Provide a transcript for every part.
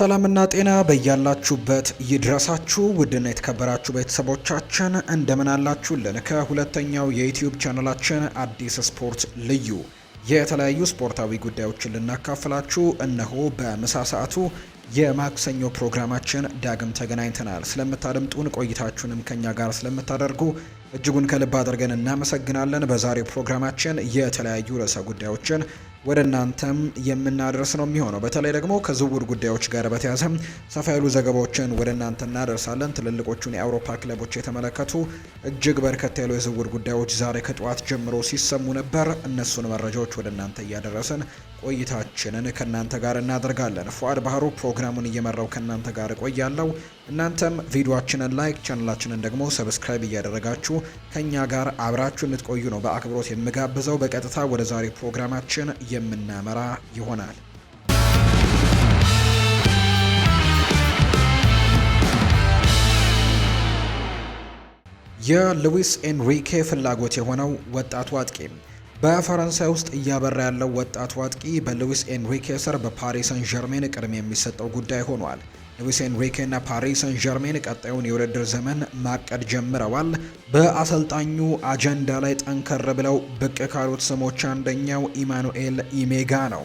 ሰላምና ጤና በያላችሁበት ይድረሳችሁ። ውድና የተከበራችሁ ቤተሰቦቻችን እንደምን አላችሁልን? ከሁለተኛው የዩትዩብ ቻናላችን አዲስ ስፖርት ልዩ የተለያዩ ስፖርታዊ ጉዳዮችን ልናካፍላችሁ እነሆ በምሳ ሰዓቱ የማክሰኞ ፕሮግራማችን ዳግም ተገናኝተናል። ስለምታደምጡን ቆይታችሁንም ከኛ ጋር ስለምታደርጉ እጅጉን ከልብ አድርገን እናመሰግናለን። በዛሬው ፕሮግራማችን የተለያዩ ርዕሰ ጉዳዮችን ወደ እናንተም የምናደርስ ነው የሚሆነው። በተለይ ደግሞ ከዝውውር ጉዳዮች ጋር በተያያዘ ሰፋ ያሉ ዘገባዎችን ወደ እናንተ እናደርሳለን። ትልልቆቹን የአውሮፓ ክለቦች የተመለከቱ እጅግ በርከት ያሉ የዝውውር ጉዳዮች ዛሬ ከጠዋት ጀምሮ ሲሰሙ ነበር። እነሱን መረጃዎች ወደ እናንተ እያደረስን ቆይታችንን ከእናንተ ጋር እናደርጋለን። ፉአድ ባህሩ ፕሮግራሙን እየመራው ከእናንተ ጋር እቆያለሁ። እናንተም ቪዲዮችንን ላይክ፣ ቻናላችንን ደግሞ ሰብስክራይብ እያደረጋችሁ ከእኛ ጋር አብራችሁ እንድትቆዩ ነው በአክብሮት የምጋብዘው። በቀጥታ ወደ ዛሬ ፕሮግራማችን የምናመራ ይሆናል። የሉዊስ ኤንሪኬ ፍላጎት የሆነው ወጣቱ አጥቂም በፈረንሳይ ውስጥ እያበራ ያለው ወጣቱ አጥቂ በሉዊስ ኤንሪኬ ስር በፓሪስ ሰን ዠርሜን ቅድሚያ የሚሰጠው ጉዳይ ሆኗል። ሉዊስ ኤንሪኬ እና ፓሪስ ሰን ዠርሜን ቀጣዩን የውድድር ዘመን ማቀድ ጀምረዋል። በአሰልጣኙ አጀንዳ ላይ ጠንከር ብለው ብቅ ካሉት ስሞች አንደኛው ኢማኑኤል ኢሜጋ ነው።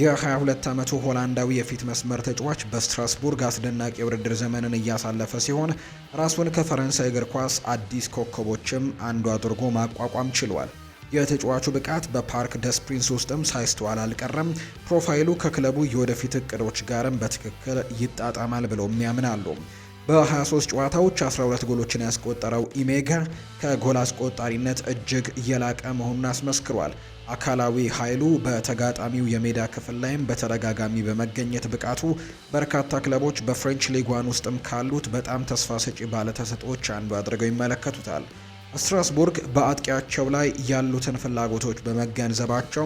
የ22 ዓመቱ ሆላንዳዊ የፊት መስመር ተጫዋች በስትራስቡርግ አስደናቂ የውድድር ዘመንን እያሳለፈ ሲሆን ራሱን ከፈረንሳይ እግር ኳስ አዲስ ኮከቦችም አንዱ አድርጎ ማቋቋም ችሏል። የተጫዋቹ ብቃት በፓርክ ደስ ፕሪንስ ውስጥም ሳይስተዋል አልቀረም። ፕሮፋይሉ ከክለቡ የወደፊት እቅዶች ጋርም በትክክል ይጣጣማል ብለው የሚያምናሉ። በ23 ጨዋታዎች 12 ጎሎችን ያስቆጠረው ኢሜጋ ከጎል አስቆጣሪነት እጅግ የላቀ መሆኑን አስመስክሯል። አካላዊ ኃይሉ በተጋጣሚው የሜዳ ክፍል ላይም በተደጋጋሚ በመገኘት ብቃቱ በርካታ ክለቦች በፍሬንች ሊጓን ውስጥም ካሉት በጣም ተስፋ ሰጪ ባለተሰጦች አንዱ አድርገው ይመለከቱታል። ስትራስቡርግ በአጥቂያቸው ላይ ያሉትን ፍላጎቶች በመገንዘባቸው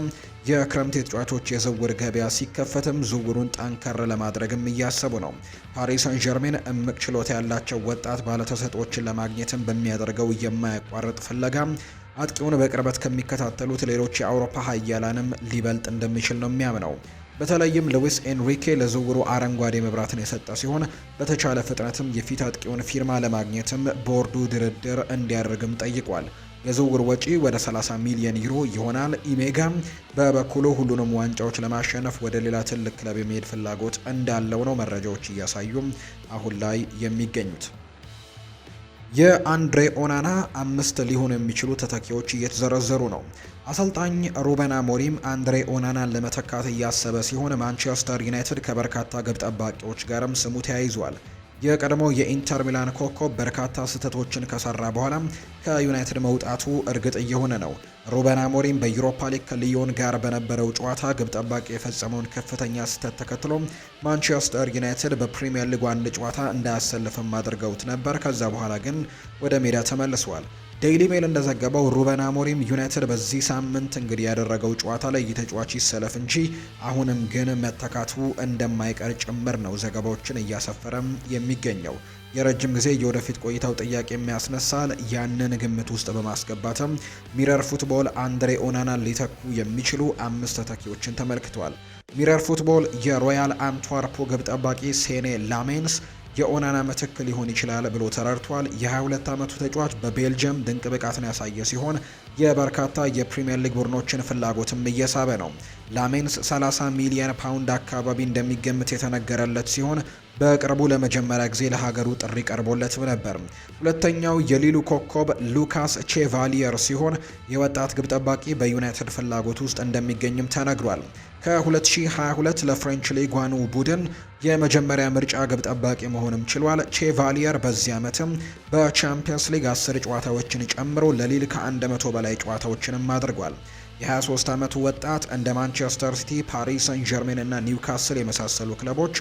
የክረምት የተጫዋቾች የዝውውር ገበያ ሲከፈትም ዝውውሩን ጠንከር ለማድረግም እያሰቡ ነው። ፓሪስ ሰን ዠርሜን እምቅ ችሎታ ያላቸው ወጣት ባለተሰጦችን ለማግኘትም በሚያደርገው የማያቋርጥ ፍለጋ አጥቂውን በቅርበት ከሚከታተሉት ሌሎች የአውሮፓ ሀያላንም ሊበልጥ እንደሚችል ነው የሚያምነው። በተለይም ሉዊስ ኤንሪኬ ለዝውውሩ አረንጓዴ መብራትን የሰጠ ሲሆን በተቻለ ፍጥነትም የፊት አጥቂውን ፊርማ ለማግኘትም ቦርዱ ድርድር እንዲያደርግም ጠይቋል። የዝውውር ወጪ ወደ 30 ሚሊዮን ዩሮ ይሆናል። ኢሜጋም በበኩሉ ሁሉንም ዋንጫዎች ለማሸነፍ ወደ ሌላ ትልቅ ክለብ የመሄድ ፍላጎት እንዳለው ነው መረጃዎች እያሳዩም አሁን ላይ የሚገኙት። የአንድሬ ኦናና አምስት ሊሆኑ የሚችሉ ተተኪዎች እየተዘረዘሩ ነው። አሰልጣኝ ሩበን አሞሪም አንድሬ ኦናናን ለመተካት እያሰበ ሲሆን ማንቸስተር ዩናይትድ ከበርካታ ግብ ጠባቂዎች ጋርም ስሙ ተያይዟል። የቀድሞ የኢንተር ሚላን ኮከብ በርካታ ስህተቶችን ከሰራ በኋላ ከዩናይትድ መውጣቱ እርግጥ እየሆነ ነው። ሩበን አሞሪም በዩሮፓ ሊግ ከሊዮን ጋር በነበረው ጨዋታ ግብ ጠባቂ የፈጸመውን ከፍተኛ ስህተት ተከትሎ ማንቸስተር ዩናይትድ በፕሪምየር ሊግ አንድ ጨዋታ እንዳያሰልፍም አድርገውት ነበር። ከዛ በኋላ ግን ወደ ሜዳ ተመልሷል። ዴይሊ ሜል እንደዘገበው ሩበን አሞሪም ዩናይትድ በዚህ ሳምንት እንግዲህ ያደረገው ጨዋታ ላይ የተጫዋች ይሰለፍ እንጂ አሁንም ግን መተካቱ እንደማይቀር ጭምር ነው ዘገባዎችን እያሰፈረም የሚገኘው። የረጅም ጊዜ የወደፊት ቆይታው ጥያቄ የሚያስነሳል። ያንን ግምት ውስጥ በማስገባትም ሚረር ፉትቦል አንድሬ ኦናናን ሊተኩ የሚችሉ አምስት ተተኪዎችን ተመልክቷል። ሚረር ፉትቦል የሮያል አንትዋርፖ ግብ ጠባቂ ሴኔ ላሜንስ የኦናና ምትክ ሊሆን ይችላል ብሎ ተረድቷል። የ22 ዓመቱ ተጫዋች በቤልጅየም ድንቅ ብቃትን ያሳየ ሲሆን የበርካታ የፕሪምየር ሊግ ቡድኖችን ፍላጎትም እየሳበ ነው። ላሜንስ 30 ሚሊየን ፓውንድ አካባቢ እንደሚገምት የተነገረለት ሲሆን በቅርቡ ለመጀመሪያ ጊዜ ለሀገሩ ጥሪ ቀርቦለትም ነበር። ሁለተኛው የሊሉ ኮከብ ሉካስ ቼቫሊየር ሲሆን የወጣት ግብ ጠባቂ በዩናይትድ ፍላጎት ውስጥ እንደሚገኝም ተነግሯል። ከ2022 ለፍሬንች ሊጓኑ ቡድን የመጀመሪያ ምርጫ ግብ ጠባቂ መሆንም ችሏል። ቼቫሊየር በዚህ ዓመትም በቻምፒየንስ ሊግ 10 ጨዋታዎችን ጨምሮ ለሊል ከ100 በላይ ጨዋታዎችንም አድርጓል። የ23 ዓመቱ ወጣት እንደ ማንቸስተር ሲቲ፣ ፓሪስ ሰን ጀርሜን እና ኒውካስል የመሳሰሉ ክለቦች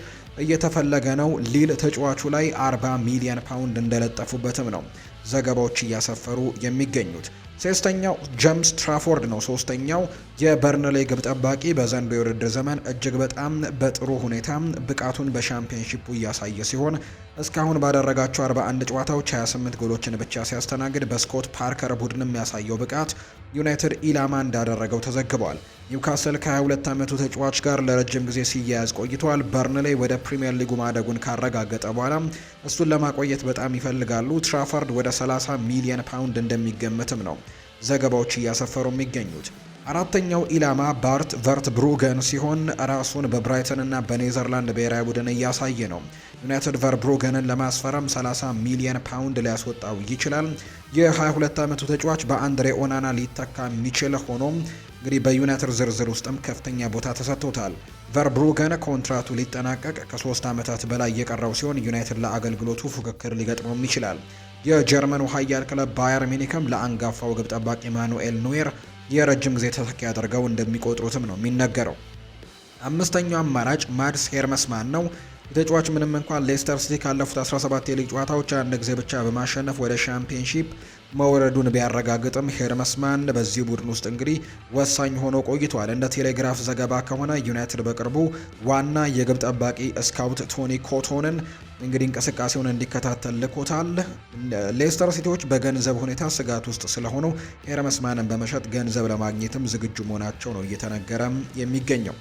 እየተፈለገ ነው። ሊል ተጫዋቹ ላይ 40 ሚሊዮን ፓውንድ እንደለጠፉበትም ነው ዘገባዎች እያሰፈሩ የሚገኙት። ሶስተኛው ጀምስ ትራፎርድ ነው። ሶስተኛው የበርንሌ ግብ ጠባቂ በዘንድሮው የውድድር ዘመን እጅግ በጣም በጥሩ ሁኔታ ብቃቱን በሻምፒዮንሺፑ እያሳየ ሲሆን እስካሁን ባደረጋቸው 41 ጨዋታዎች 28 ጎሎችን ብቻ ሲያስተናግድ በስኮት ፓርከር ቡድን የሚያሳየው ብቃት ዩናይትድ ኢላማ እንዳደረገው ተዘግቧል። ኒውካስል ከ22 ዓመቱ ተጫዋች ጋር ለረጅም ጊዜ ሲያያዝ ቆይቷል። በርንሌ ወደ ፕሪምየር ሊጉ ማደጉን ካረጋገጠ በኋላ እሱን ለማቆየት በጣም ይፈልጋሉ። ትራፈርድ ወደ 30 ሚሊየን ፓውንድ እንደሚገመትም ነው ዘገባዎች እያሰፈሩ የሚገኙት። አራተኛው ኢላማ ባርት ቨርት ብሩገን ሲሆን ራሱን በብራይተንና በኔዘርላንድ ብሔራዊ ቡድን እያሳየ ነው። ዩናይትድ ቨር ብሩገንን ለማስፈረም 30 ሚሊየን ፓውንድ ሊያስወጣው ይችላል። የ22 ዓመቱ ተጫዋች በአንድሬ ኦናና ሊተካ የሚችል ሆኖም እንግዲህ በዩናይትድ ዝርዝር ውስጥም ከፍተኛ ቦታ ተሰጥቶታል። ቨር ብሩገን ኮንትራቱ ሊጠናቀቅ ከሶስት ዓመታት በላይ የቀረው ሲሆን ዩናይትድ ለአገልግሎቱ ፉክክር ሊገጥመውም ይችላል። የጀርመኑ ኃያል ክለብ ባየር ሚኒክም ለአንጋፋው ግብ ጠባቂ ማኑኤል ኑዌር የረጅም ጊዜ ተተኪ አድርገው እንደሚቆጥሩትም ነው የሚነገረው። አምስተኛው አማራጭ ማድስ ሄርመስማን ማን ነው። የተጫዋች ምንም እንኳን ሌስተር ሲቲ ካለፉት 17 የሊግ ጨዋታዎች አንድ ጊዜ ብቻ በማሸነፍ ወደ ሻምፒዮንሺፕ መውረዱን ቢያረጋግጥም ሄርመስማን በዚህ ቡድን ውስጥ እንግዲህ ወሳኝ ሆኖ ቆይቷል። እንደ ቴሌግራፍ ዘገባ ከሆነ ዩናይትድ በቅርቡ ዋና የግብ ጠባቂ ስካውት ቶኒ ኮቶንን እንግዲህ እንቅስቃሴውን እንዲከታተል ልኮታል። ሌስተር ሲቲዎች በገንዘብ ሁኔታ ስጋት ውስጥ ስለሆኑ ሄርመስማንን በመሸጥ ገንዘብ ለማግኘትም ዝግጁ መሆናቸው ነው እየተነገረም የሚገኘው።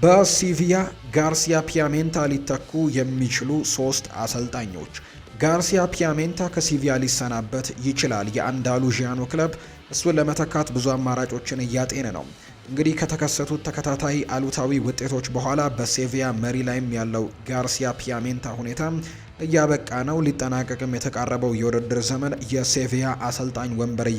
በሲቪያ ጋርሲያ ፒያሜንታ ሊተኩ የሚችሉ ሶስት አሰልጣኞች ጋርሲያ ፒያሜንታ ከሲቪያ ሊሰናበት ይችላል። የአንዳሉዥያኑ ክለብ እሱን ለመተካት ብዙ አማራጮችን እያጤነ ነው። እንግዲህ ከተከሰቱት ተከታታይ አሉታዊ ውጤቶች በኋላ በሴቪያ መሪ ላይም ያለው ጋርሲያ ፒያሜንታ ሁኔታ እያበቃ ነው። ሊጠናቀቅም የተቃረበው የውድድር ዘመን የሴቪያ አሰልጣኝ ወንበር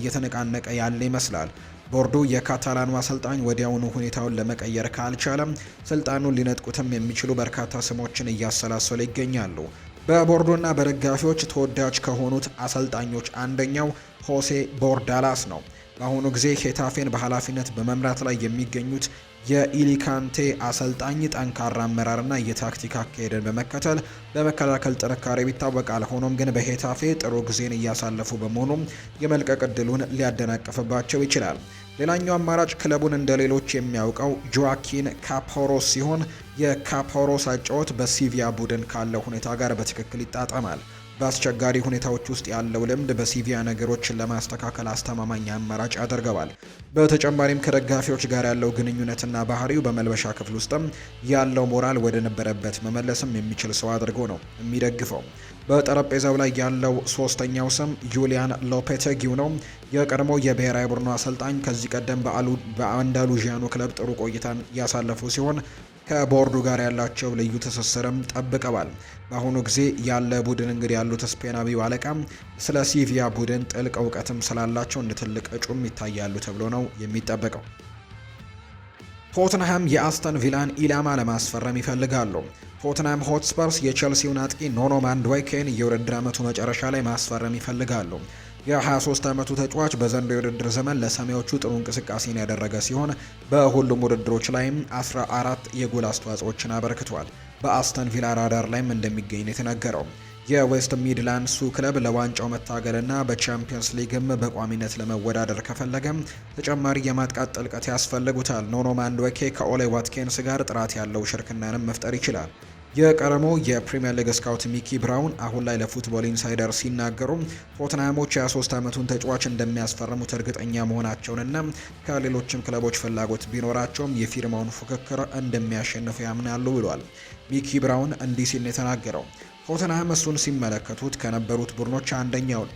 እየተነቃነቀ ያለ ይመስላል። ቦርዱ የካታላኑ አሰልጣኝ ወዲያውኑ ሁኔታውን ለመቀየር ካልቻለም ስልጣኑን ሊነጥቁትም የሚችሉ በርካታ ስሞችን እያሰላሰሉ ይገኛሉ። በቦርዶና በደጋፊዎች ተወዳጅ ከሆኑት አሰልጣኞች አንደኛው ሆሴ ቦርዳላስ ነው። በአሁኑ ጊዜ ሄታፌን በኃላፊነት በመምራት ላይ የሚገኙት የኢሊካንቴ አሰልጣኝ ጠንካራ አመራርና የታክቲክ አካሄድን በመከተል በመከላከል ጥንካሬ ይታወቃል። ሆኖም ግን በሄታፌ ጥሩ ጊዜን እያሳለፉ በመሆኑም የመልቀቅ እድሉን ሊያደናቅፍባቸው ይችላል። ሌላኛው አማራጭ ክለቡን እንደ ሌሎች የሚያውቀው ጆዋኪን ካፖሮስ ሲሆን የካፖሮስ አጫወት በሲቪያ ቡድን ካለው ሁኔታ ጋር በትክክል ይጣጠማል። በአስቸጋሪ ሁኔታዎች ውስጥ ያለው ልምድ በሲቪያ ነገሮችን ለማስተካከል አስተማማኝ አማራጭ ያደርገዋል። በተጨማሪም ከደጋፊዎች ጋር ያለው ግንኙነትና ባህሪው በመልበሻ ክፍል ውስጥም ያለው ሞራል ወደ ነበረበት መመለስም የሚችል ሰው አድርጎ ነው የሚደግፈው። በጠረጴዛው ላይ ያለው ሶስተኛው ስም ጁሊያን ሎፔቴጊው ነው። የቀድሞ የብሔራዊ ቡድኑ አሰልጣኝ ከዚህ ቀደም በአንዳሉዥያኑ ክለብ ጥሩ ቆይታን ያሳለፉ ሲሆን ከቦርዱ ጋር ያላቸው ልዩ ትስስርም ጠብቀዋል። በአሁኑ ጊዜ ያለ ቡድን እንግዲህ ያሉት ስፔናዊ አለቃ ስለ ሲቪያ ቡድን ጥልቅ እውቀትም ስላላቸው እንደ ትልቅ እጩም ይታያሉ ተብሎ ነው የሚጠበቀው። ቶትንሃም የአስተን ቪላን ኢላማ ለማስፈረም ይፈልጋሉ። ቶትንሃም ሆትስፐርስ የቼልሲውን አጥቂ ኖኖ ማንድዋይኬን የውድድር ዓመቱ መጨረሻ ላይ ማስፈረም ይፈልጋሉ። የ23 ዓመቱ ተጫዋች በዘንዶ የውድድር ዘመን ለሰማያዊዎቹ ጥሩ እንቅስቃሴን ያደረገ ሲሆን በሁሉም ውድድሮች ላይም 14 የጎል አስተዋጽኦችን አበርክቷል። በአስተን ቪላ ራዳር ላይም እንደሚገኝ የተነገረው። የዌስት ሚድላንድሱ ክለብ ለዋንጫው መታገልና በቻምፒየንስ ሊግም በቋሚነት ለመወዳደር ከፈለገም ተጨማሪ የማጥቃት ጥልቀት ያስፈልጉታል። ኖኖ ማንድዌኬ ከኦሌ ዋትኬንስ ጋር ጥራት ያለው ሽርክናንም መፍጠር ይችላል። የቀረሞ የፕሪምየር ሊግ ስካውት ሚኪ ብራውን አሁን ላይ ለፉትቦል ኢንሳይደር ሲናገሩ ቶትናሞች የ23 ዓመቱን ተጫዋች እንደሚያስፈርሙት እርግጠኛ መሆናቸውንና ከሌሎችም ክለቦች ፍላጎት ቢኖራቸውም የፊርማውን ፉክክር እንደሚያሸንፉ ያምናሉ ብሏል። ሚኪ ብራውን እንዲህ ሲል የተናገረው። ቶትናም እሱን ሲመለከቱት ከነበሩት ቡድኖች አንደኛው ነው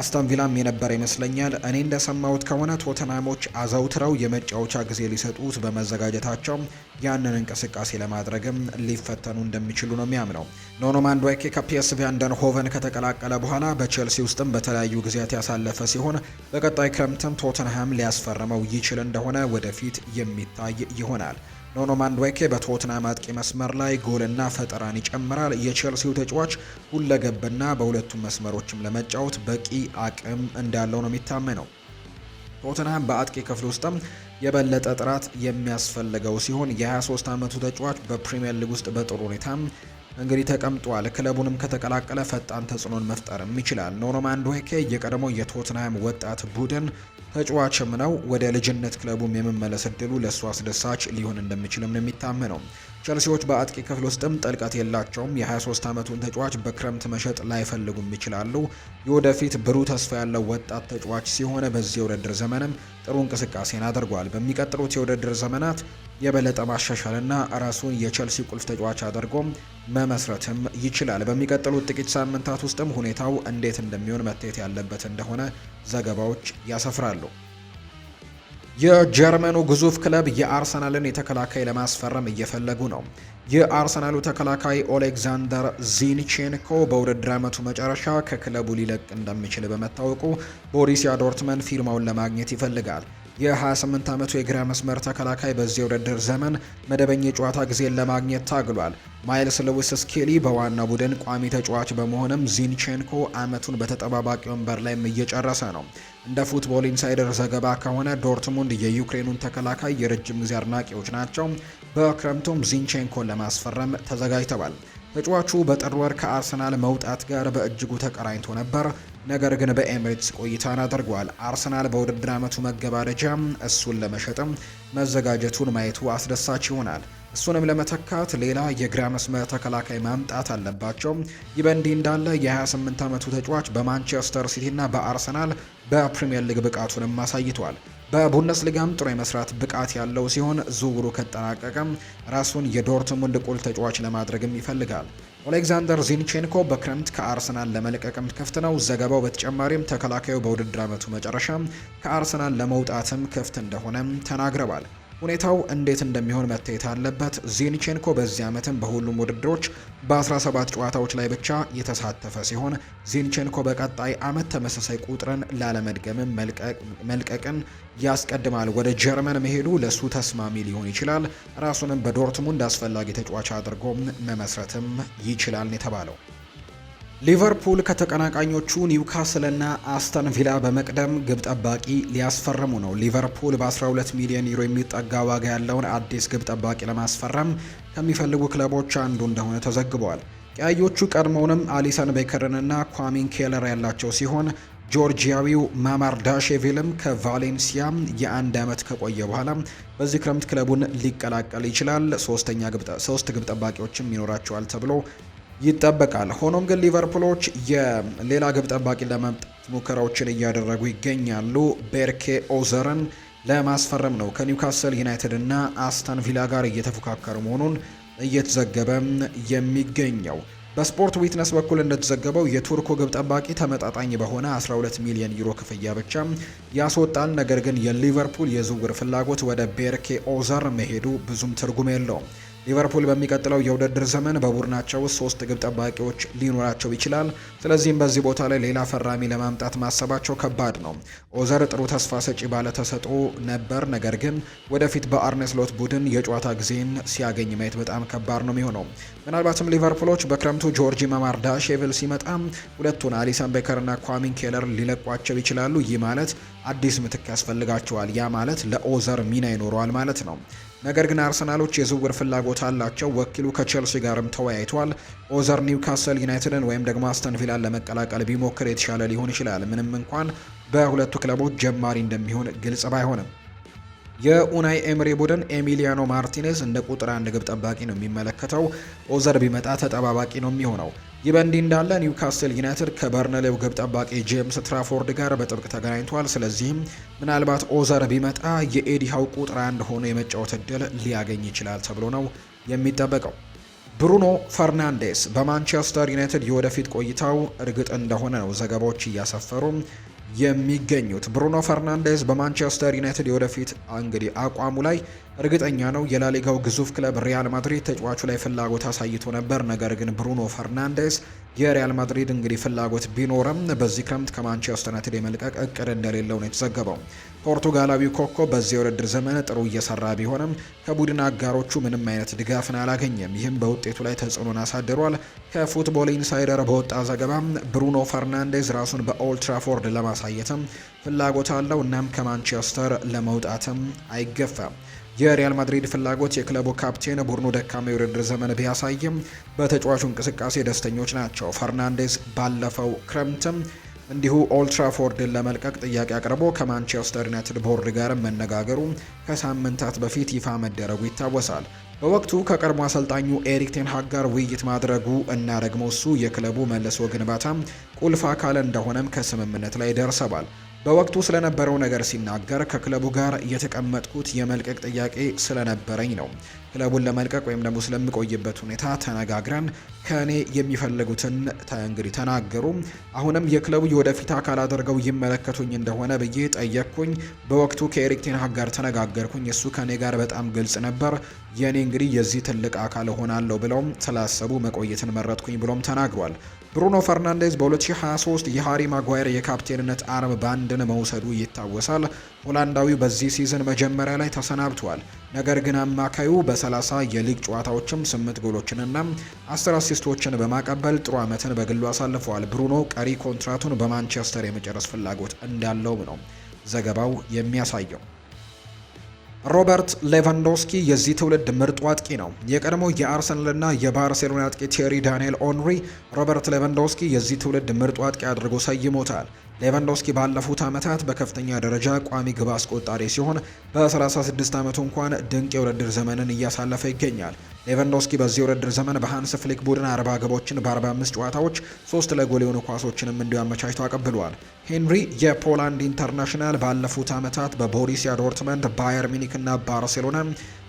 አስቶን ቪላም የነበረ ይመስለኛል። እኔ እንደሰማሁት ከሆነ ቶተናሞች አዘውትረው የመጫወቻ ጊዜ ሊሰጡት በመዘጋጀታቸው ያንን እንቅስቃሴ ለማድረግም ሊፈተኑ እንደሚችሉ ነው የሚያምነው። ኖኖ ማንዱዌኬ ከፒኤስቪ ሆቨን ከተቀላቀለ በኋላ በቼልሲ ውስጥም በተለያዩ ጊዜያት ያሳለፈ ሲሆን በቀጣይ ክረምትም ቶተንሃም ሊያስፈርመው ይችል እንደሆነ ወደፊት የሚታይ ይሆናል። ኖኖ ማንድዌኬ በቶትናም አጥቂ መስመር ላይ ጎልና ፈጠራን ይጨምራል። የቼልሲው ተጫዋች ሁለገብና በሁለቱም መስመሮችም ለመጫወት በቂ አቅም እንዳለው ነው የሚታመነው። ቶትናም በአጥቂ ክፍል ውስጥም የበለጠ ጥራት የሚያስፈልገው ሲሆን የ23 ዓመቱ ተጫዋች በፕሪምየር ሊግ ውስጥ በጥሩ ሁኔታ እንግዲህ ተቀምጧል። ክለቡንም ከተቀላቀለ ፈጣን ተጽዕኖን መፍጠርም ይችላል። ኖርማን ዶሄኬ የቀድሞ የቶትንሃም ወጣት ቡድን ተጫዋችም ነው። ወደ ልጅነት ክለቡም የመመለስ እድሉ ለእሱ አስደሳች ሊሆን እንደሚችልም ነው የሚታመነው። ቸልሲዎች በአጥቂ ክፍል ውስጥም ጥልቀት የላቸውም። የ23 ዓመቱን ተጫዋች በክረምት መሸጥ ላይፈልጉም ይችላሉ። የወደፊት ብሩህ ተስፋ ያለው ወጣት ተጫዋች ሲሆን በዚህ የውድድር ዘመንም ጥሩ እንቅስቃሴን አድርጓል። በሚቀጥሉት የውድድር ዘመናት የበለጠ ማሻሻልና ራሱን የቸልሲ ቁልፍ ተጫዋች አድርጎም መመስረትም ይችላል። በሚቀጥሉት ጥቂት ሳምንታት ውስጥም ሁኔታው እንዴት እንደሚሆን መታየት ያለበት እንደሆነ ዘገባዎች ያሰፍራሉ። የጀርመኑ ግዙፍ ክለብ የአርሰናልን የተከላካይ ለማስፈረም እየፈለጉ ነው። የአርሰናሉ ተከላካይ ኦሌክዛንደር ዚንቼንኮ በውድድር ዓመቱ መጨረሻ ከክለቡ ሊለቅ እንደሚችል በመታወቁ ቦሪሲያ ዶርትመን ፊርማውን ለማግኘት ይፈልጋል። የ28 ዓመቱ የግራ መስመር ተከላካይ በዚህ የውድድር ዘመን መደበኛ የጨዋታ ጊዜን ለማግኘት ታግሏል። ማይልስ ልዊስ ስኬሊ በዋና ቡድን ቋሚ ተጫዋች በመሆንም ዚንቼንኮ አመቱን በተጠባባቂ ወንበር ላይም እየጨረሰ ነው። እንደ ፉትቦል ኢንሳይደር ዘገባ ከሆነ ዶርትሙንድ የዩክሬኑን ተከላካይ የረጅም ጊዜ አድናቂዎች ናቸው። በክረምቱም ዚንቼንኮን ለማስፈረም ተዘጋጅተዋል። ተጫዋቹ በጥር ወር ከአርሰናል መውጣት ጋር በእጅጉ ተቀራኝቶ ነበር። ነገር ግን በኤምሬትስ ቆይታን አድርጓል። አርሰናል በውድድር አመቱ መገባደጃ እሱን ለመሸጥም መዘጋጀቱን ማየቱ አስደሳች ይሆናል። እሱንም ለመተካት ሌላ የግራ መስመር ተከላካይ ማምጣት አለባቸው። ይህ በእንዲህ እንዳለ የ28 ዓመቱ ተጫዋች በማንቸስተር ሲቲና በአርሰናል በፕሪምየር ሊግ ብቃቱንም አሳይቷል። በቡንደስሊጋም ጥሩ የመስራት ብቃት ያለው ሲሆን ዝውውሩ ከጠናቀቀም ራሱን የዶርትሙንድ ቁል ተጫዋች ለማድረግም ይፈልጋል። ኦሌክዛንደር ዚንቼንኮ በክረምት ከአርሰናል ለመለቀቅም ክፍት ነው። ዘገባው በተጨማሪም ተከላካዩ በውድድር ዓመቱ መጨረሻ ከአርሰናል ለመውጣትም ክፍት እንደሆነም ተናግረዋል። ሁኔታው እንዴት እንደሚሆን መታየት አለበት። ዚንቼንኮ በዚህ ዓመትም በሁሉም ውድድሮች በ17 ጨዋታዎች ላይ ብቻ የተሳተፈ ሲሆን ዚንቼንኮ በቀጣይ ዓመት ተመሳሳይ ቁጥርን ላለመድገምም መልቀቅን ያስቀድማል። ወደ ጀርመን መሄዱ ለሱ ተስማሚ ሊሆን ይችላል። ራሱንም በዶርትሙንድ አስፈላጊ ተጫዋች አድርጎ መመስረትም ይችላል የተባለው ሊቨርፑል ከተቀናቃኞቹ ኒውካስልና አስተን ቪላ በመቅደም ግብ ጠባቂ ሊያስፈርሙ ነው። ሊቨርፑል በ12 ሚሊዮን ዩሮ የሚጠጋ ዋጋ ያለውን አዲስ ግብ ጠባቂ ለማስፈረም ከሚፈልጉ ክለቦች አንዱ እንደሆነ ተዘግቧል። ቀያዮቹ ቀድሞውንም አሊሰን ቤከርንና ኳሚን ኬለር ያላቸው ሲሆን ጆርጂያዊው ማማር ዳሼቪልም ከቫሌንሲያ የአንድ ዓመት ከቆየ በኋላ በዚህ ክረምት ክለቡን ሊቀላቀል ይችላል። ሶስተኛ ሶስት ግብ ጠባቂዎችም ይኖራቸዋል ተብሎ ይጠበቃል። ሆኖም ግን ሊቨርፑሎች የሌላ ግብ ጠባቂ ለመምጣት ሙከራዎችን እያደረጉ ይገኛሉ። ቤርኬ ኦዘርን ለማስፈረም ነው ከኒውካስል ዩናይትድ እና አስተን ቪላ ጋር እየተፎካከሩ መሆኑን እየተዘገበ የሚገኘው። በስፖርት ዊትነስ በኩል እንደተዘገበው የቱርኩ ግብ ጠባቂ ተመጣጣኝ በሆነ 12 ሚሊዮን ዩሮ ክፍያ ብቻ ያስወጣል። ነገር ግን የሊቨርፑል የዝውውር ፍላጎት ወደ ቤርኬ ኦዘር መሄዱ ብዙም ትርጉም የለውም። ሊቨርፑል በሚቀጥለው የውድድር ዘመን በቡድናቸው ውስጥ ሶስት ግብ ጠባቂዎች ሊኖራቸው ይችላል። ስለዚህም በዚህ ቦታ ላይ ሌላ ፈራሚ ለማምጣት ማሰባቸው ከባድ ነው። ኦዘር ጥሩ ተስፋ ሰጪ ባለ ነበር፣ ነገር ግን ወደፊት በአርኔስሎት ቡድን የጨዋታ ጊዜን ሲያገኝ ማየት በጣም ከባድ ነው የሚሆነው። ምናልባትም ሊቨርፑሎች በክረምቱ ጆርጂ ሼቪል ሲመጣ ሁለቱን አሊሰን ቤከርና ኳሚን ኬለር ሊለቋቸው ይችላሉ። ይህ ማለት አዲስ ምትክ ያስፈልጋቸዋል። ያ ማለት ለኦዘር ሚና ይኖረዋል ማለት ነው። ነገር ግን አርሰናሎች የዝውውር ፍላጎት አላቸው። ወኪሉ ከቼልሲ ጋርም ተወያይቷል። ኦዘር ኒውካስል ዩናይትድን ወይም ደግሞ አስተን ቪላን ለመቀላቀል ቢሞክር የተሻለ ሊሆን ይችላል፣ ምንም እንኳን በሁለቱ ክለቦች ጀማሪ እንደሚሆን ግልጽ ባይሆንም። የኡናይ ኤምሪ ቡድን ኤሚሊያኖ ማርቲኔዝ እንደ ቁጥር አንድ ግብ ጠባቂ ነው የሚመለከተው። ኦዘር ቢመጣ ተጠባባቂ ነው የሚሆነው። ይህ በእንዲህ እንዳለ ኒውካስትል ዩናይትድ ከበርነሌው ግብ ጠባቂ ጄምስ ትራፎርድ ጋር በጥብቅ ተገናኝቷል። ስለዚህም ምናልባት ኦዘር ቢመጣ የኤዲ ቁጥር አንድ ሆኖ የመጫወት እድል ሊያገኝ ይችላል ተብሎ ነው የሚጠበቀው። ብሩኖ ፈርናንዴስ በማንቸስተር ዩናይትድ የወደፊት ቆይታው እርግጥ እንደሆነ ነው ዘገባዎች እያሰፈሩ የሚገኙት። ብሩኖ ፈርናንዴስ በማንቸስተር ዩናይትድ የወደፊት እንግዲህ አቋሙ ላይ እርግጠኛ ነው የላሊጋው ግዙፍ ክለብ ሪያል ማድሪድ ተጫዋቹ ላይ ፍላጎት አሳይቶ ነበር። ነገር ግን ብሩኖ ፈርናንዴስ የሪያል ማድሪድ እንግዲህ ፍላጎት ቢኖርም በዚህ ክረምት ከማንቸስተር ዩናይትድ የመልቀቅ እቅድ እንደሌለው ነው የተዘገበው። ፖርቱጋላዊ ኮኮ በዚህ የውድድር ዘመን ጥሩ እየሰራ ቢሆንም ከቡድን አጋሮቹ ምንም አይነት ድጋፍን አላገኘም። ይህም በውጤቱ ላይ ተጽዕኖን አሳድሯል። ከፉትቦል ኢንሳይደር በወጣ ዘገባ ብሩኖ ፈርናንዴዝ ራሱን በኦልትራፎርድ ለማሳየትም ፍላጎት አለው። እናም ከማንቸስተር ለመውጣትም አይገፋም። የሪያል ማድሪድ ፍላጎት የክለቡ ካፕቴን ቡድኑ ደካማ የውድድር ዘመን ቢያሳይም በተጫዋቹ እንቅስቃሴ ደስተኞች ናቸው። ፈርናንዴስ ባለፈው ክረምትም እንዲሁ ኦልትራፎርድን ለመልቀቅ ጥያቄ አቅርቦ ከማንቸስተር ዩናይትድ ቦርድ ጋር መነጋገሩ ከሳምንታት በፊት ይፋ መደረጉ ይታወሳል። በወቅቱ ከቀድሞ አሰልጣኙ ኤሪክ ቴንሃግ ጋር ውይይት ማድረጉ እና ደግሞ እሱ የክለቡ መልሶ ግንባታ ቁልፍ አካል እንደሆነም ከስምምነት ላይ ደርሰዋል። በወቅቱ ስለነበረው ነገር ሲናገር ከክለቡ ጋር የተቀመጥኩት የመልቀቅ ጥያቄ ስለነበረኝ ነው። ክለቡን ለመልቀቅ ወይም ደግሞ ስለምቆይበት ሁኔታ ተነጋግረን ከእኔ የሚፈልጉትን እንግዲህ ተናገሩ። አሁንም የክለቡ የወደፊት አካል አድርገው ይመለከቱኝ እንደሆነ ብዬ ጠየቅኩኝ። በወቅቱ ከኤሪክ ቴንሃግ ጋር ተነጋገርኩኝ። እሱ ከእኔ ጋር በጣም ግልጽ ነበር። የእኔ እንግዲህ የዚህ ትልቅ አካል እሆናለሁ ብለውም ስላሰቡ መቆየትን መረጥኩኝ ብሎም ተናግሯል። ብሩኖ ፈርናንዴዝ በ2023 የሃሪ ማጓየር የካፕቴንነት አርም ባንድን መውሰዱ ይታወሳል። ሆላንዳዊው በዚህ ሲዝን መጀመሪያ ላይ ተሰናብቷል። ነገር ግን አማካዩ በ30 የሊግ ጨዋታዎችም 8 ጎሎችንና 10 አሲስቶችን በማቀበል ጥሩ ዓመትን በግሉ አሳልፈዋል። ብሩኖ ቀሪ ኮንትራቱን በማንቸስተር የመጨረስ ፍላጎት እንዳለውም ነው ዘገባው የሚያሳየው። ሮበርት ሌቫንዶስኪ የዚህ ትውልድ ምርጡ አጥቂ ነው። የቀድሞው የአርሰናልና የባርሴሎና አጥቂ ቴሪ ዳንኤል ኦንሪ ሮበርት ሌቫንዶስኪ የዚህ ትውልድ ምርጡ አጥቂ አድርጎ ሰይሞታል። ሌቫንዶስኪ ባለፉት ዓመታት በከፍተኛ ደረጃ ቋሚ ግብ አስቆጣሪ ሲሆን በ36 ዓመቱ እንኳን ድንቅ የውድድር ዘመንን እያሳለፈ ይገኛል። ሌቫንዶስኪ በዚህ የውድድር ዘመን በሃንስ ፍሊክ ቡድን 40 ግቦችን በ45 ጨዋታዎች ሶስት ለጎል የሆኑ ኳሶችንም እንዲሁ አመቻችቶ አቀብሏል። ሄንሪ የፖላንድ ኢንተርናሽናል ባለፉት ዓመታት በቦሪሲያ ዶርትመንድ፣ ባየር ሚኒክ እና ባርሴሎና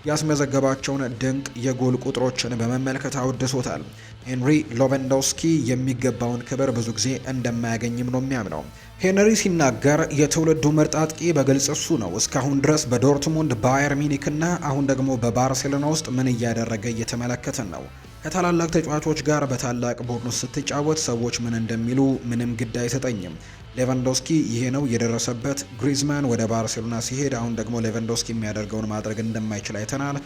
ያስመዘገባቸውን ድንቅ የጎል ቁጥሮችን በመመልከት አወድሶታል። ሄንሪ ሎቨንዶስኪ የሚገባውን ክብር ብዙ ጊዜ እንደማያገኝም ነው የሚያምነው። ሄንሪ ሲናገር የትውልዱ ምርጥ አጥቂ በግልጽ እሱ ነው። እስካሁን ድረስ በዶርትሙንድ፣ ባየር ሚኒክ እና አሁን ደግሞ በባርሴሎና ውስጥ ምን እያደረገ እየተመለከትን ነው ከታላላቅ ተጫዋቾች ጋር በታላቅ ቡድን ውስጥ ስትጫወት ሰዎች ምን እንደሚሉ ምንም ግድ አይሰጠኝም። ሌቫንዶስኪ ይሄ ነው የደረሰበት። ግሪዝማን ወደ ባርሴሎና ሲሄድ አሁን ደግሞ ሌቫንዶስኪ የሚያደርገውን ማድረግ እንደማይችል አይተናል።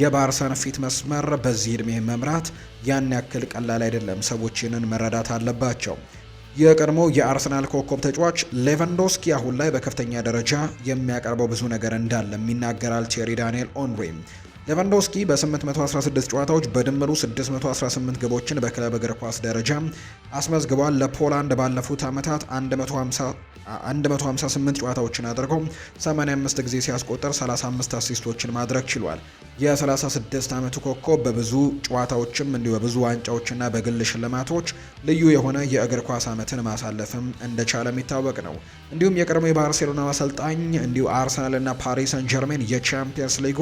የባርሳን ፊት መስመር በዚህ እድሜ መምራት ያን ያክል ቀላል አይደለም። ሰዎች ይህንን መረዳት አለባቸው። የቀድሞ የአርሰናል ኮከብ ተጫዋች ሌቫንዶስኪ አሁን ላይ በከፍተኛ ደረጃ የሚያቀርበው ብዙ ነገር እንዳለም ይናገራል ቴሪ ዳንኤል ኦንሪም ሌቫንዶስኪ በ816 ጨዋታዎች በድምሩ 618 ግቦችን በክለብ እግር ኳስ ደረጃ አስመዝግቧል። ለፖላንድ ባለፉት ዓመታት 158 ጨዋታዎችን አድርገው 85 ጊዜ ሲያስቆጠር 35 አሲስቶችን ማድረግ ችሏል። የ36 ዓመቱ ኮከብ በብዙ ጨዋታዎችም እንዲሁ በብዙ ዋንጫዎችና በግል ሽልማቶች ልዩ የሆነ የእግር ኳስ ዓመትን ማሳለፍም እንደቻለ የሚታወቅ ነው። እንዲሁም የቀድሞ የባርሴሎና አሰልጣኝ እንዲሁ አርሰናልና ፓሪስ ሰን ጀርሜን የቻምፒየንስ ሊጉ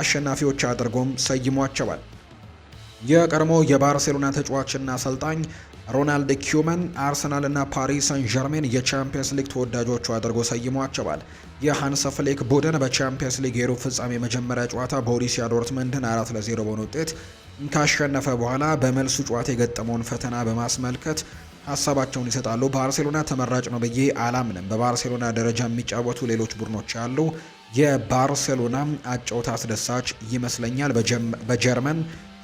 አሸናፊዎች አድርጎም ሰይሟቸዋል። የቀድሞ የባርሴሎና ተጫዋችና አሰልጣኝ ሮናልድ ኪውመን አርሰናልና ፓሪስ ሰን ዠርሜን የቻምፒየንስ ሊግ ተወዳጆቹ አድርጎ ሰይሟቸዋል። የሃንስ ፍሌክ ቡድን በቻምፒየንስ ሊግ የሩብ ፍጻሜ መጀመሪያ ጨዋታ ቦሩሲያ ዶርትመንድን አራት ለዜሮ በሆነ ውጤት ካሸነፈ በኋላ በመልሱ ጨዋታ የገጠመውን ፈተና በማስመልከት ሀሳባቸውን ይሰጣሉ። ባርሴሎና ተመራጭ ነው ብዬ አላምንም። በባርሴሎና ደረጃ የሚጫወቱ ሌሎች ቡድኖች አሉ። የባርሴሎና አጨዋወት አስደሳች ይመስለኛል። በጀርመን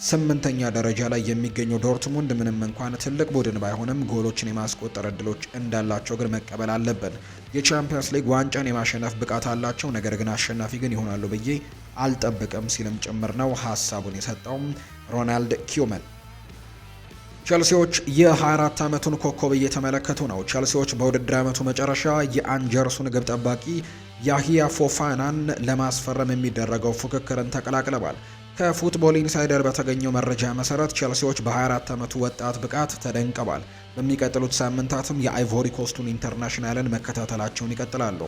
ስምንተኛ ደረጃ ላይ የሚገኘው ዶርትሙንድ ምንም እንኳን ትልቅ ቡድን ባይሆንም ጎሎችን የማስቆጠር እድሎች እንዳላቸው ግን መቀበል አለብን። የቻምፒየንስ ሊግ ዋንጫን የማሸነፍ ብቃት አላቸው፣ ነገር ግን አሸናፊ ግን ይሆናሉ ብዬ አልጠብቅም ሲልም ጭምር ነው ሀሳቡን የሰጠው ሮናልድ ኪዩመን። ቸልሲዎች የ24 ዓመቱን ኮከብ እየተመለከቱ ነው። ቸልሲዎች በውድድር ዓመቱ መጨረሻ የአንጀርሱን ግብ ጠባቂ ያሂያ ፎፋናን ለማስፈረም የሚደረገው ፉክክርን ተቀላቅለዋል። ከፉትቦል ኢንሳይደር በተገኘው መረጃ መሰረት ቸልሲዎች በ24 ዓመቱ ወጣት ብቃት ተደንቀዋል። በሚቀጥሉት ሳምንታትም የአይቮሪ ኮስቱን ኢንተርናሽናልን መከታተላቸውን ይቀጥላሉ።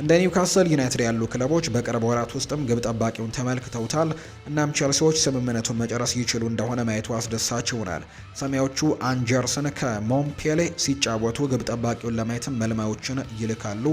እንደ ኒውካስል ዩናይትድ ያሉ ክለቦች በቅርብ ወራት ውስጥም ግብ ጠባቂውን ተመልክተውታል። እናም ቸልሲዎች ስምምነቱን መጨረስ ይችሉ እንደሆነ ማየቱ አስደሳች ይሆናል። ሰማያዊዎቹ አንጀርስን ከሞምፔሌ ሲጫወቱ ግብ ጠባቂውን ለማየትም መልማዮችን ይልካሉ።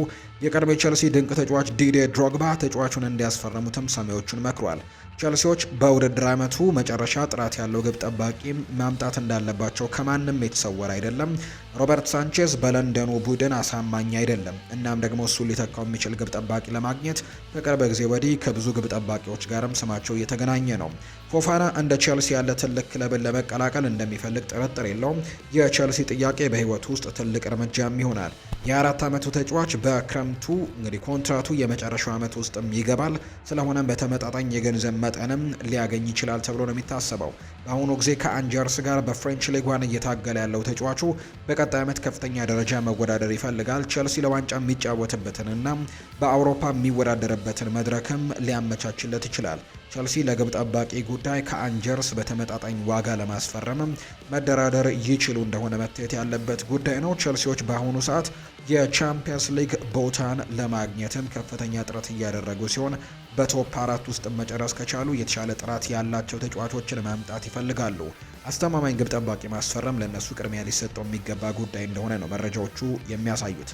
የቀድሞ ቸልሲ ድንቅ ተጫዋች ዲዴ ድሮግባ ተጫዋቹን እንዲያስፈረሙትም ሰማዮቹን መክሯል። ቸልሲዎች በውድድር ዓመቱ መጨረሻ ጥራት ያለው ግብ ጠባቂ ማምጣት እንዳለባቸው ከማንም የተሰወረ አይደለም። ሮበርት ሳንቼዝ በለንደኑ ቡድን አሳማኝ አይደለም። እናም ደግሞ እሱ ሊተካው የሚችል ግብ ጠባቂ ለማግኘት ከቅርብ ጊዜ ወዲህ ከብዙ ግብ ጠባቂዎች ጋርም ስማቸው እየተገናኘ ነው። ፎፋና እንደ ቼልሲ ያለ ትልቅ ክለብን ለመቀላቀል እንደሚፈልግ ጥርጥር የለውም። የቸልሲ ጥያቄ በህይወቱ ውስጥ ትልቅ እርምጃም ይሆናል። የአራት ዓመቱ ተጫዋች በክረምቱ እንግዲህ ኮንትራቱ የመጨረሻው ዓመት ውስጥም ይገባል። ስለሆነም በተመጣጣኝ የገንዘብ መጠንም ሊያገኝ ይችላል ተብሎ ነው የሚታሰበው። በአሁኑ ጊዜ ከአንጀርስ ጋር በፍሬንች ሊጓን እየታገለ ያለው ተጫዋቹ በቀጣይ ዓመት ከፍተኛ ደረጃ መወዳደር ይፈልጋል። ቼልሲ ለዋንጫ የሚጫወትበትንና በአውሮፓ የሚወዳደርበትን መድረክም ሊያመቻችለት ይችላል። ቸልሲ ለግብ ጠባቂ ጉዳይ ከአንጀርስ በተመጣጣኝ ዋጋ ለማስፈረም መደራደር ይችሉ እንደሆነ መታየት ያለበት ጉዳይ ነው። ቸልሲዎች በአሁኑ ሰዓት የቻምፒየንስ ሊግ ቦታን ለማግኘትም ከፍተኛ ጥረት እያደረጉ ሲሆን በቶፕ አራት ውስጥ መጨረስ ከቻሉ የተሻለ ጥራት ያላቸው ተጫዋቾችን ማምጣት ይፈልጋሉ። አስተማማኝ ግብ ጠባቂ ማስፈረም ለእነሱ ቅድሚያ ሊሰጠው የሚገባ ጉዳይ እንደሆነ ነው መረጃዎቹ የሚያሳዩት።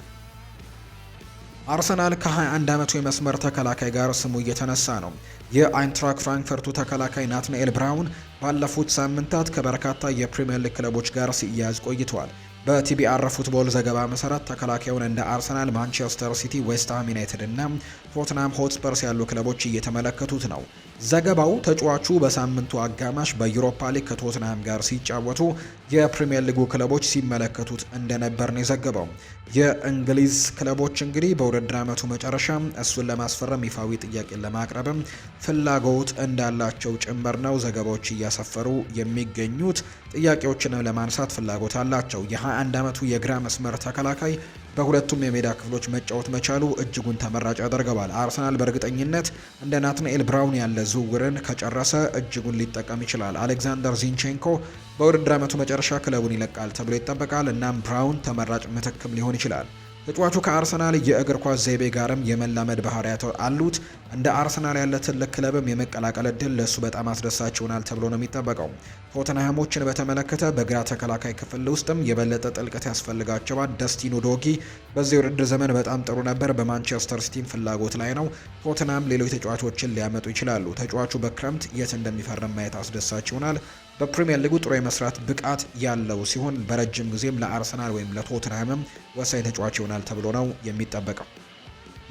አርሰናል ከ21 ዓመቱ የመስመር ተከላካይ ጋር ስሙ እየተነሳ ነው። የአይንትራክ ፍራንክፈርቱ ተከላካይ ናትናኤል ብራውን ባለፉት ሳምንታት ከበርካታ የፕሪምየር ሊግ ክለቦች ጋር ሲያያዝ ቆይተዋል። በቲቢአር ፉትቦል ዘገባ መሰረት ተከላካዩን እንደ አርሰናል፣ ማንቸስተር ሲቲ፣ ዌስትሃም ዩናይትድ እና ቶትናም ሆትስፐርስ ያሉ ክለቦች እየተመለከቱት ነው። ዘገባው ተጫዋቹ በሳምንቱ አጋማሽ በዩሮፓ ሊግ ከቶትናም ጋር ሲጫወቱ የፕሪምየር ሊጉ ክለቦች ሲመለከቱት እንደነበር ነው የዘገበው። የእንግሊዝ ክለቦች እንግዲህ በውድድር ዓመቱ መጨረሻ እሱን ለማስፈረም ይፋዊ ጥያቄን ለማቅረብም ፍላጎት እንዳላቸው ጭምር ነው ዘገባዎች እያሰፈሩ የሚገኙት። ጥያቄዎችን ለማንሳት ፍላጎት አላቸው። የ21 ዓመቱ የግራ መስመር ተከላካይ በሁለቱም የሜዳ ክፍሎች መጫወት መቻሉ እጅጉን ተመራጭ ያደርገዋል። አርሰናል በእርግጠኝነት እንደ ናትናኤል ብራውን ያለ ዝውውርን ከጨረሰ እጅጉን ሊጠቀም ይችላል። አሌክዛንደር ዚንቼንኮ በውድድር ዓመቱ መጨረሻ ክለቡን ይለቃል ተብሎ ይጠበቃል። እናም ብራውን ተመራጭ ምትክም ሊሆን ይችላል። ተጫዋቹ ከአርሰናል የእግር ኳስ ዘይቤ ጋርም የመላመድ ባህሪያት አሉት። እንደ አርሰናል ያለ ትልቅ ክለብም የመቀላቀል እድል ለእሱ በጣም አስደሳች ይሆናል ተብሎ ነው የሚጠበቀው። ቶተንሃሞችን በተመለከተ በግራ ተከላካይ ክፍል ውስጥም የበለጠ ጥልቀት ያስፈልጋቸዋል። ደስቲኑ ዶጊ በዚህ ውድድር ዘመን በጣም ጥሩ ነበር። በማንቸስተር ሲቲም ፍላጎት ላይ ነው። ቶተንሃም ሌሎች ተጫዋቾችን ሊያመጡ ይችላሉ። ተጫዋቹ በክረምት የት እንደሚፈርም ማየት አስደሳች ይሆናል። በፕሪምየር ሊጉ ጥሩ የመስራት ብቃት ያለው ሲሆን በረጅም ጊዜም ለአርሰናል ወይም ለቶትንሃምም ወሳኝ ተጫዋች ይሆናል ተብሎ ነው የሚጠበቀው።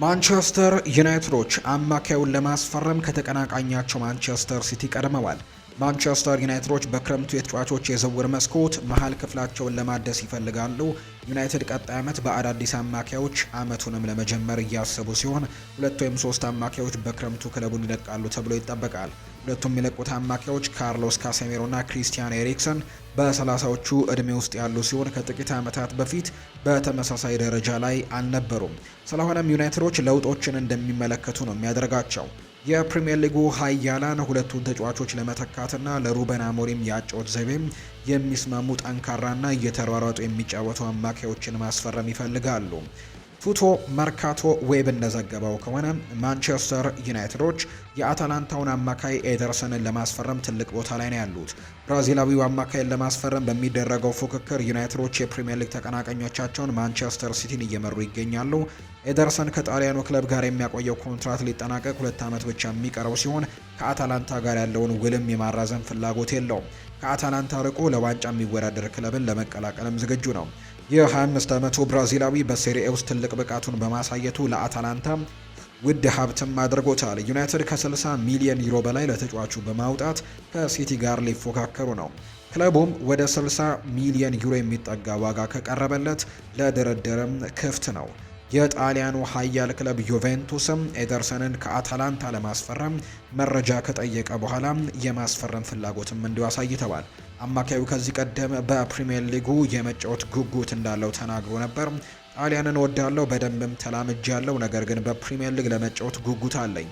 ማንቸስተር ዩናይትዶች አማካዩን ለማስፈረም ከተቀናቃኛቸው ማንቸስተር ሲቲ ቀድመዋል። ማንቸስተር ዩናይትዶች በክረምቱ የተጫዋቾች የዝውውር መስኮት መሀል ክፍላቸውን ለማደስ ይፈልጋሉ። ዩናይትድ ቀጣይ ዓመት በአዳዲስ አማካዮች ዓመቱንም ለመጀመር እያሰቡ ሲሆን ሁለት ወይም ሶስት አማካዮች በክረምቱ ክለቡን ይለቃሉ ተብሎ ይጠበቃል። ሁለቱም የሚለቁት አማካዮች ካርሎስ ካሴሜሮና ክሪስቲያን ኤሪክሰን በሰላሳዎቹ እድሜ ውስጥ ያሉ ሲሆን ከጥቂት ዓመታት በፊት በተመሳሳይ ደረጃ ላይ አልነበሩም። ስለሆነም ዩናይትዶች ለውጦችን እንደሚመለከቱ ነው የሚያደርጋቸው። የፕሪምየር ሊጉ ሀያላን ሁለቱን ተጫዋቾች ለመተካትና ለሩበን አሞሪም የአጨዋወት ዘይቤም የሚስማሙ ጠንካራና እየተሯሯጡ የሚጫወቱ አማካዮችን ማስፈረም ይፈልጋሉ። ፉቶ መርካቶ ዌብ እንደዘገበው ከሆነ ማንቸስተር ዩናይትዶች የአታላንታውን አማካይ ኤደርሰንን ለማስፈረም ትልቅ ቦታ ላይ ነው ያሉት። ብራዚላዊው አማካይን ለማስፈረም በሚደረገው ፉክክር ዩናይትዶች የፕሪምየር ሊግ ተቀናቃኞቻቸውን ማንቸስተር ሲቲን እየመሩ ይገኛሉ። ኤደርሰን ከጣሊያኑ ክለብ ጋር የሚያቆየው ኮንትራት ሊጠናቀቅ ሁለት ዓመት ብቻ የሚቀረው ሲሆን ከአታላንታ ጋር ያለውን ውልም የማራዘም ፍላጎት የለውም። ከአታላንታ ርቆ ለዋንጫ የሚወዳደር ክለብን ለመቀላቀልም ዝግጁ ነው። የ25 ዓመቱ ብራዚላዊ በሴሪኤ ውስጥ ትልቅ ብቃቱን በማሳየቱ ለአታላንታ ውድ ሀብትም አድርጎታል። ዩናይትድ ከ60 ሚሊዮን ዩሮ በላይ ለተጫዋቹ በማውጣት ከሲቲ ጋር ሊፎካከሩ ነው። ክለቡም ወደ 60 ሚሊዮን ዩሮ የሚጠጋ ዋጋ ከቀረበለት ለድርድርም ክፍት ነው። የጣሊያኑ ኃያል ክለብ ዩቬንቱስም ኤደርሰንን ከአታላንታ ለማስፈረም መረጃ ከጠየቀ በኋላ የማስፈረም ፍላጎትም እንዲሁ አሳይተዋል። አማካዩ ከዚህ ቀደም በፕሪምየር ሊጉ የመጫወት ጉጉት እንዳለው ተናግሮ ነበር። ጣሊያንን ወዳለው በደንብም ተላምጃለው፣ ነገር ግን በፕሪምየር ሊግ ለመጫወት ጉጉት አለኝ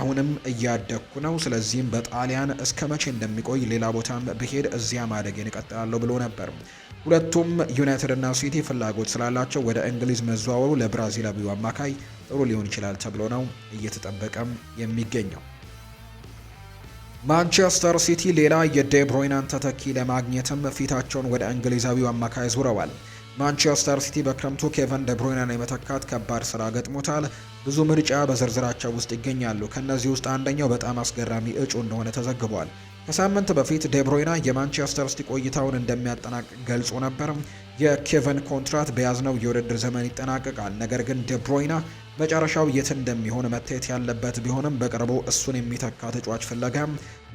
አሁንም እያደግኩ ነው። ስለዚህም በጣሊያን እስከ መቼ እንደሚቆይ ሌላ ቦታም ብሄድ እዚያ ማደጌን እቀጥላለሁ ብሎ ነበር። ሁለቱም ዩናይትድ እና ሲቲ ፍላጎት ስላላቸው ወደ እንግሊዝ መዘዋወሩ ለብራዚላዊው አማካይ ጥሩ ሊሆን ይችላል ተብሎ ነው እየተጠበቀም የሚገኘው። ማንቸስተር ሲቲ ሌላ የዴብሮይናን ተተኪ ለማግኘትም ፊታቸውን ወደ እንግሊዛዊው አማካይ ዙረዋል። ማንቸስተር ሲቲ በክረምቱ ኬቨን ደብሮይናን የመተካት ከባድ ስራ ገጥሞታል። ብዙ ምርጫ በዝርዝራቸው ውስጥ ይገኛሉ። ከእነዚህ ውስጥ አንደኛው በጣም አስገራሚ እጩ እንደሆነ ተዘግቧል። ከሳምንት በፊት ዴብሮይና የማንቸስተር ሲቲ ቆይታውን እንደሚያጠናቅቅ ገልጾ ነበር። የኬቨን ኮንትራት በያዝነው የውድድር ዘመን ይጠናቀቃል። ነገር ግን ደብሮይና መጨረሻው የት እንደሚሆን መታየት ያለበት ቢሆንም በቅርቡ እሱን የሚተካ ተጫዋች ፍለጋ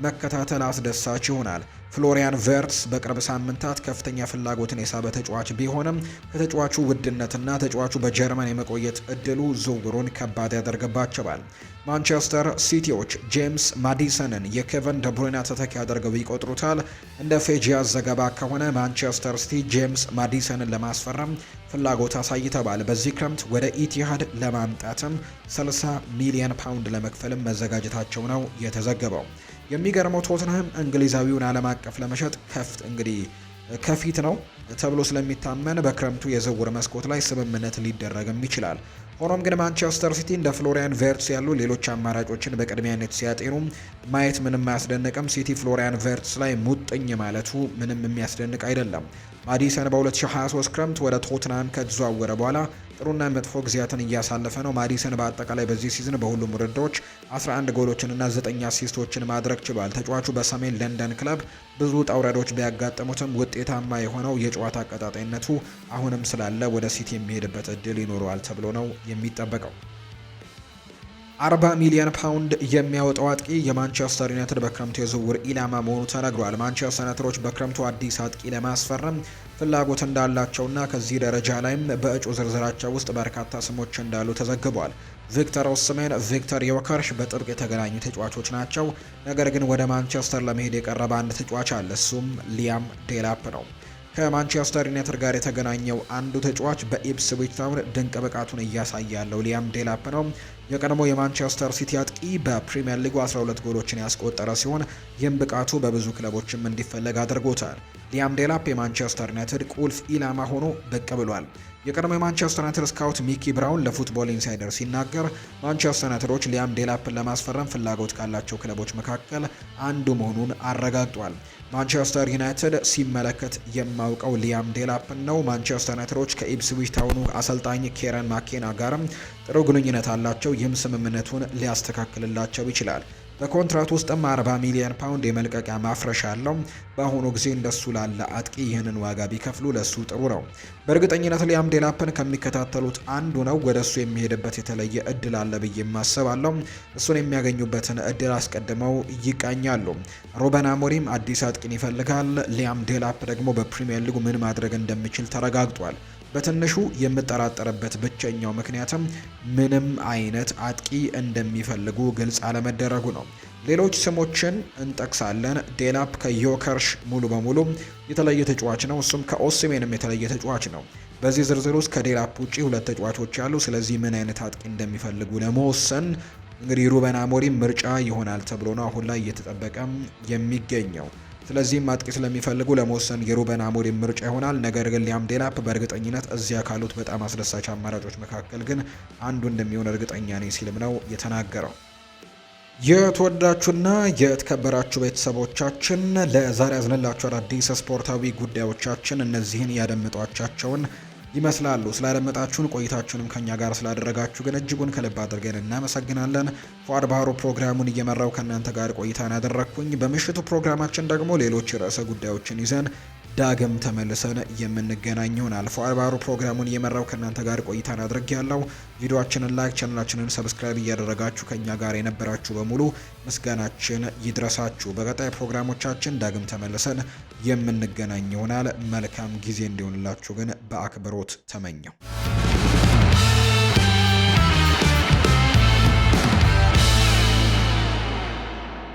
መከታተል አስደሳች ይሆናል። ፍሎሪያን ቨርትስ በቅርብ ሳምንታት ከፍተኛ ፍላጎትን የሳበ ተጫዋች ቢሆንም ከተጫዋቹ ውድነትና ተጫዋቹ በጀርመን የመቆየት እድሉ ዝውውሩን ከባድ ያደርግባቸዋል። ማንቸስተር ሲቲዎች ጄምስ ማዲሰንን የኬቨን ደብሮይና ተተኪ አድርገው ይቆጥሩታል። እንደ ፌጂያስ ዘገባ ከሆነ ማንቸስተር ሲቲ ጄምስ ማዲሰንን ለማስፈረም ፍላጎት አሳይተዋል። በዚህ ክረምት ወደ ኢቲሃድ ለማምጣትም 60 ሚሊዮን ፓውንድ ለመክፈልም መዘጋጀታቸው ነው የተዘገበው። የሚገርመው ቶትንሃም እንግሊዛዊውን ዓለም አቀፍ ለመሸጥ ከፍት እንግዲህ ከፊት ነው ተብሎ ስለሚታመን በክረምቱ የዝውውር መስኮት ላይ ስምምነት ሊደረግም ይችላል። ሆኖም ግን ማንቸስተር ሲቲ እንደ ፍሎሪያን ቨርትስ ያሉ ሌሎች አማራጮችን በቅድሚያነት ሲያጤኑ ማየት ምንም አያስደንቅም። ሲቲ ፍሎሪያን ቨርትስ ላይ ሙጥኝ ማለቱ ምንም የሚያስደንቅ አይደለም። ማዲሰን በ2023 ክረምት ወደ ቶትናም ከተዘዋወረ በኋላ ጥሩና መጥፎ ጊዜያትን እያሳለፈ ነው። ማዲሰን በአጠቃላይ በዚህ ሲዝን በሁሉም ውድድሮች 11 ጎሎችንና 9 አሲስቶችን ማድረግ ችሏል። ተጫዋቹ በሰሜን ለንደን ክለብ ብዙ ውጣ ቢያጋጥሙትም ውጤታማ የሆነው የጨዋታ አቀጣጣይነቱ አሁንም ስላለ ወደ ሲቲ የሚሄድበት እድል ይኖረዋል ተብሎ ነው የሚጠበቀው። 40 ሚሊዮን ፓውንድ የሚያወጣው አጥቂ የማንቸስተር ዩናይትድ በክረምቱ የዝውውር ኢላማ መሆኑ ተነግሯል። ማንቸስተር ዩናይትዶች በክረምቱ አዲስ አጥቂ ለማስፈረም ፍላጎት እንዳላቸውና ከዚህ ደረጃ ላይም በእጩ ዝርዝራቸው ውስጥ በርካታ ስሞች እንዳሉ ተዘግቧል። ቪክተር ኦስሜን፣ ቪክተር ዮከርሽ በጥብቅ የተገናኙ ተጫዋቾች ናቸው። ነገር ግን ወደ ማንቸስተር ለመሄድ የቀረበ አንድ ተጫዋች አለ። እሱም ሊያም ዴላፕ ነው። ከማንቸስተር ዩናይትድ ጋር የተገናኘው አንዱ ተጫዋች በኢፕስዊች ታውን ድንቅ ብቃቱን እያሳያለው ሊያም ዴላፕ ነው። የቀድሞ የማንቸስተር ሲቲ አጥቂ በፕሪምየር ሊጉ 12 ጎሎችን ያስቆጠረ ሲሆን ይህም ብቃቱ በብዙ ክለቦችም እንዲፈለግ አድርጎታል። ሊያም ዴላፕ የማንቸስተር ዩናይትድ ቁልፍ ኢላማ ሆኖ ብቅ ብሏል። የቀድሞ የማንቸስተር ዩናይትድ ስካውት ሚኪ ብራውን ለፉትቦል ኢንሳይደር ሲናገር ማንቸስተር ዩናይትዶች ሊያም ዴላፕን ለማስፈረም ፍላጎት ካላቸው ክለቦች መካከል አንዱ መሆኑን አረጋግጧል። ማንቸስተር ዩናይትድ ሲመለከት የማውቀው ሊያም ዴላፕን ነው። ማንቸስተር ዩናይትዶች ከኢፕስዊች ታውኑ አሰልጣኝ ኬረን ማኬና ጋርም ጥሩ ግንኙነት አላቸው። ይህም ስምምነቱን ሊያስተካክልላቸው ይችላል። በኮንትራት ውስጥም 40 ሚሊዮን ፓውንድ የመልቀቂያ ማፍረሻ አለው። በአሁኑ ጊዜ እንደሱ ላለ አጥቂ ይህንን ዋጋ ቢከፍሉ ለሱ ጥሩ ነው። በእርግጠኝነት ሊያም ዴላፕን ከሚከታተሉት አንዱ ነው። ወደ እሱ የሚሄድበት የተለየ እድል አለ ብዬ ማሰባለው። እሱን የሚያገኙበትን እድል አስቀድመው ይቃኛሉ። ሩበን አሞሪም አዲስ አጥቂን ይፈልጋል። ሊያም ዴላፕ ደግሞ በፕሪሚየር ሊጉ ምን ማድረግ እንደሚችል ተረጋግጧል። በትንሹ የምጠራጠርበት ብቸኛው ምክንያትም ምንም አይነት አጥቂ እንደሚፈልጉ ግልጽ አለመደረጉ ነው። ሌሎች ስሞችን እንጠቅሳለን። ዴላፕ ከዮከርሽ ሙሉ በሙሉ የተለየ ተጫዋች ነው። እሱም ከኦሲሜንም የተለየ ተጫዋች ነው። በዚህ ዝርዝር ውስጥ ከዴላፕ ውጪ ሁለት ተጫዋቾች አሉ ስለዚህ ምን አይነት አጥቂ እንደሚፈልጉ ለመወሰን እንግዲህ ሩበን አሞሪም ምርጫ ይሆናል ተብሎ ነው አሁን ላይ እየተጠበቀም የሚገኘው። ስለዚህም አጥቂ ስለሚፈልጉ ለመወሰን የሩበን አሞሪም ምርጫ ይሆናል። ነገር ግን ሊያም ዴላፕ በእርግጠኝነት እዚያ ካሉት በጣም አስደሳች አማራጮች መካከል ግን አንዱ እንደሚሆን እርግጠኛ ነኝ ሲልም ነው የተናገረው። የተወዳችሁና የተከበራችሁ ቤተሰቦቻችን ለዛሬ ያዝንላችሁ አዳዲስ ስፖርታዊ ጉዳዮቻችን እነዚህን ያደምጧቻቸውን ይመስላሉ። ስላደመጣችሁን ቆይታችሁንም ከኛ ጋር ስላደረጋችሁ ግን እጅጉን ከልብ አድርገን እናመሰግናለን። ፏድ ባህሩ ፕሮግራሙን እየመራው ከእናንተ ጋር ቆይታን ያደረግኩኝ። በምሽቱ ፕሮግራማችን ደግሞ ሌሎች ርዕሰ ጉዳዮችን ይዘን ዳግም ተመልሰን የምንገናኝ አልፎ አልባሩ ፕሮግራሙን እየመራው ከእናንተ ጋር ቆይታን አድርግ ያለው ቪዲዮችንን ላይክ፣ ቻናላችንን ሰብስክራይብ እያደረጋችሁ ከእኛ ጋር የነበራችሁ በሙሉ ምስጋናችን ይድረሳችሁ። በቀጣይ ፕሮግራሞቻችን ዳግም ተመልሰን የምንገናኝ ይሆናል። መልካም ጊዜ እንዲሆንላችሁ ግን በአክብሮት ተመኘው።